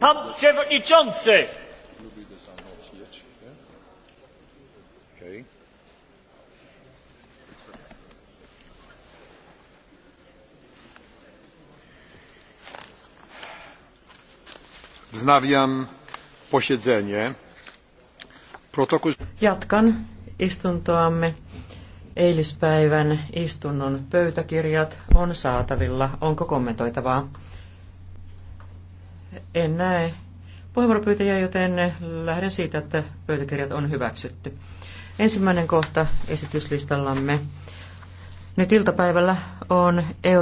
Pan przewodniczący! Wznawiam posiedzenie. Protokół... Jatkan istuntoamme. Eilispäivän istunnon pöytäkirjat on saatavilla. Onko kommentoitavaa? En näe puheenvuoropyytäjä, joten lähden siitä, että pöytäkirjat on hyväksytty. Ensimmäinen kohta esityslistallamme. Nyt iltapäivällä on Euroopan